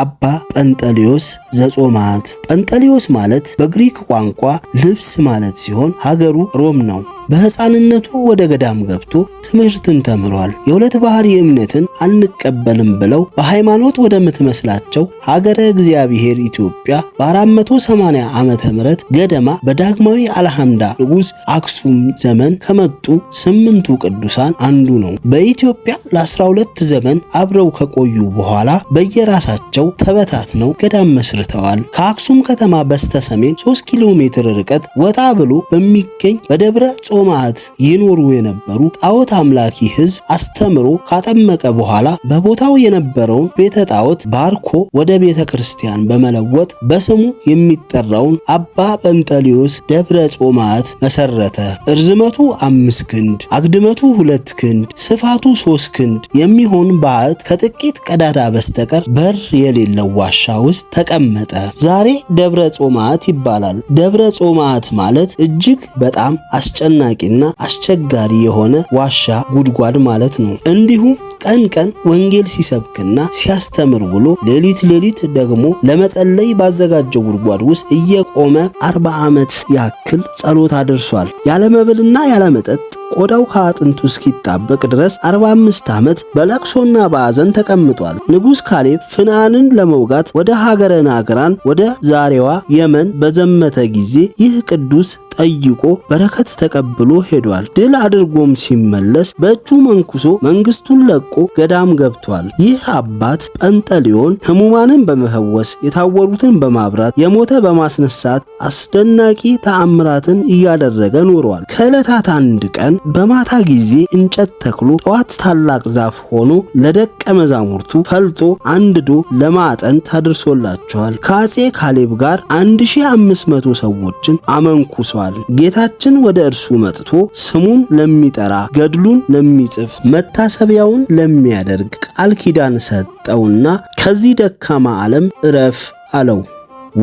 አባ ጰንጠሌዎስ ዘጾማት ጰንጠሌዎስ ማለት በግሪክ ቋንቋ ልብስ ማለት ሲሆን ሀገሩ ሮም ነው። በሕፃንነቱ ወደ ገዳም ገብቶ ትምህርትን ተምሯል። የሁለት ባህሪ እምነትን አንቀበልም ብለው በሃይማኖት ወደምትመስላቸው ሀገረ እግዚአብሔር ኢትዮጵያ በ480 ዓመተ ምህረት ገደማ በዳግማዊ አልሐምዳ ንጉሥ አክሱም ዘመን ከመጡ ስምንቱ ቅዱሳን አንዱ ነው። በኢትዮጵያ ለ12 ዘመን አብረው ከቆዩ በኋላ በየራሳቸው ተበታትነው ገዳም መስርተዋል። ከአክሱም ከተማ በስተሰሜን 3 ኪሎ ሜትር ርቀት ወጣ ብሎ በሚገኝ በደብረ ጾማት ይኖሩ የነበሩ ጣዖት አምላኪ ሕዝብ አስተምሮ ካጠመቀ በኋላ በቦታው የነበረውን ቤተ ጣዖት ባርኮ ወደ ቤተ ክርስቲያን በመለወጥ በስሙ የሚጠራውን አባ ጰንጠሌዎስ ደብረ ጾማት መሰረተ። እርዝመቱ አምስት ክንድ አግድመቱ ሁለት ክንድ ስፋቱ ሶስት ክንድ የሚሆን ባዕት ከጥቂት ቀዳዳ በስተቀር በር የሌለው ዋሻ ውስጥ ተቀመጠ። ዛሬ ደብረ ጾማት ይባላል። ደብረ ጾማት ማለት እጅግ በጣም አስጨና አስጨናቂና አስቸጋሪ የሆነ ዋሻ ጉድጓድ ማለት ነው። እንዲሁም ቀን ቀን ወንጌል ሲሰብክና ሲያስተምር ውሎ ሌሊት ሌሊት ደግሞ ለመጸለይ ባዘጋጀው ጉድጓድ ውስጥ እየቆመ አርባ ዓመት ያክል ጸሎት አድርሷል። ያለመብልና ያለመጠጥ። ቆዳው ከአጥንቱ እስኪጣበቅ ድረስ 45 ዓመት በለቅሶና በአዘን ተቀምጧል። ንጉሥ ካሌብ ፍናንን ለመውጋት ወደ ሀገረ ናግራን ወደ ዛሬዋ የመን በዘመተ ጊዜ ይህ ቅዱስ ጠይቆ በረከት ተቀብሎ ሄዷል። ድል አድርጎም ሲመለስ በእጁ መንኩሶ መንግስቱን ለቆ ገዳም ገብቷል። ይህ አባት ጰንጠሊዮን ሕሙማንን በመፈወስ የታወሩትን በማብራት የሞተ በማስነሳት አስደናቂ ተአምራትን እያደረገ ኖሯል። ከዕለታት አንድ ቀን በማታ ጊዜ እንጨት ተክሎ ጠዋት ታላቅ ዛፍ ሆኖ ለደቀ መዛሙርቱ ፈልጦ አንድዶ ለማጠን አድርሶላቸዋል። ከአጼ ካሌብ ጋር 1500 ሰዎችን አመንኩሷል። ጌታችን ወደ እርሱ መጥቶ ስሙን ለሚጠራ ገድሉን ለሚጽፍ መታሰቢያውን ለሚያደርግ ቃል ኪዳን ሰጠውና ከዚህ ደካማ ዓለም እረፍ አለው።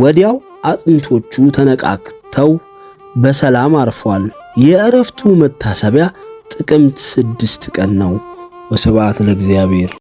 ወዲያው አጥንቶቹ ተነቃክተው በሰላም አርፏል። የእረፍቱ መታሰቢያ ጥቅምት ስድስት ቀን ነው። ወስብሐት ለእግዚአብሔር።